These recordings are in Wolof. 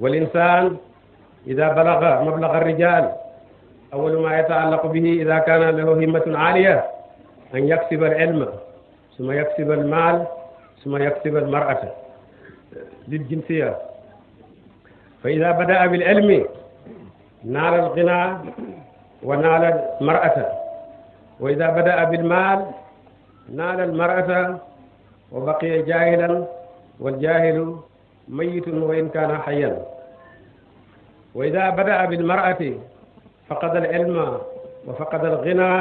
والإنسان إذا بلغ مبلغ الرجال أول ما يتعلق به إذا كان له همة عالية أن يكسب العلم ثم يكسب المال ثم يكسب المرأة للجنسية فإذا بدأ بالعلم نال الغنى ونال المرأة وإذا بدأ بالمال نال المرأة وبقي جاهلا والجاهل ميت وإن كان حيا وإذا بدأ بالمرأة فقد العلم وفقد الغنى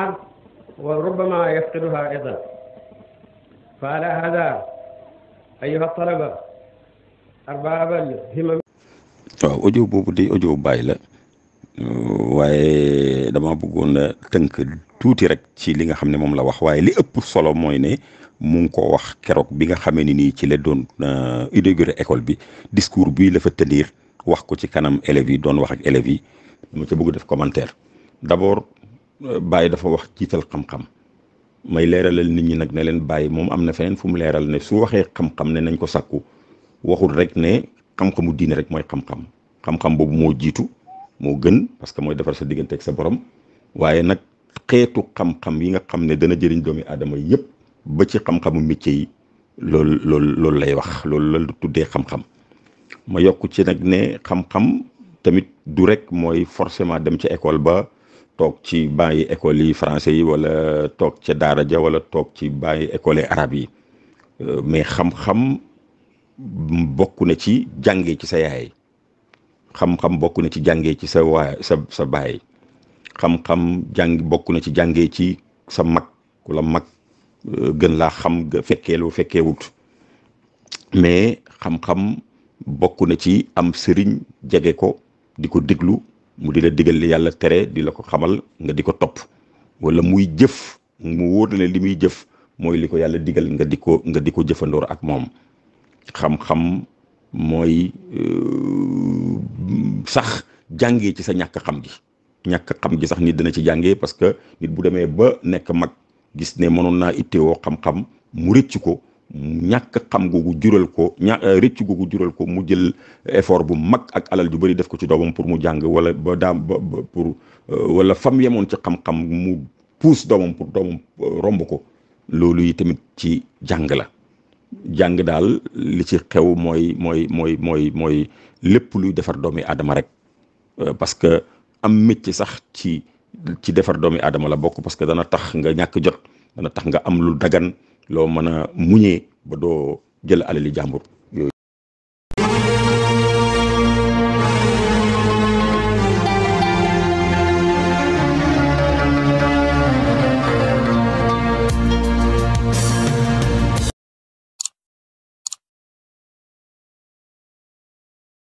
وربما يفقدها أيضا فعلى هذا أيها الطلبة أرباب الهمم أجو بودي أجو بايلة waay dama bëggoon tënk tuuti rek ci li nga xam ne moom la wax waaye li ëpp solo mooy mu ngi ko wax keroog bi nga xamee ni nii ci la doon euh, inauguré école bi discours bii la fa tenir wax ko ci kanam élèves yi doon wax ak élèves yi dama ca bugg def commentaire d'abord euh, bàyyi dafa wax jiital xam-xam may leeralal nit ñi nag ne leen Baye moom am na feneen fu mu leeral ne su waxee xam-xam ne nañ ko sàkku waxul rek ne xam-xamu diine rek mooy xam-xam boobu moo jiitu moo gën parce que mooy defar sa diggante sa borom waaye nag xeetu xam-xam yi nga xam ne dana jëriñ doomi aadama yépp ba ci xam-xamu métier yi loolu loolu lay wax loolu la tuddee xam-xam ma yokk ci nag ne xam-xam tamit du rek mooy forcément dem ca école ba toog ci banc yi école yi français yi wala toog ca daara ja wala toog ci banc école yi arab yi euh, mais xam-xam bokku na ci jàngee ci sa yaay xam-xam bokk na ci jàngee ci sa waa sa sa baay xam-xam jàng bokk na ci jàngee ci sa mag ku mag gën laa xam fekkee lu fekkee wut mais xam-xam bokk na ci am sëriñ jege ko di ko diglu mu di la digal li yàlla tere di la ko xamal nga di ko topp wala muy jëf mu wóor na li muy jëf mooy li ko yàlla digal nga di ko nga di ko jëfandoor ak moom xam-xam mooy euh, sax jàngee ci sa ñàkk xam gi ñàkk xam gi sax nit dina ci jàngee parce que nit bu demee ba nekk mag gis ne mënoon naa ittewoo xam-xam mu rëcc ko ñàkk xam googu jural ko ña euh, rëcc googu jural ko mu jël effort bu mag ak alal ju bari def ko ci doomam pour mu jàng wala ba daam ba pour euh, wala fam yemoon ci xam-xam mu puus doomam pour doomam euh, romb ko loolu yi tamit ci jàng la jàng daal li ci xew mooy mooy mooy mooy mooy lépp luy defar doomi aadama rek parce que am métier sax ci ci defar doomi adama la bokk parce que dana tax nga ñàkk jot dana tax nga am lu dagan loo mën a muñee ba doo jël alali jàmbur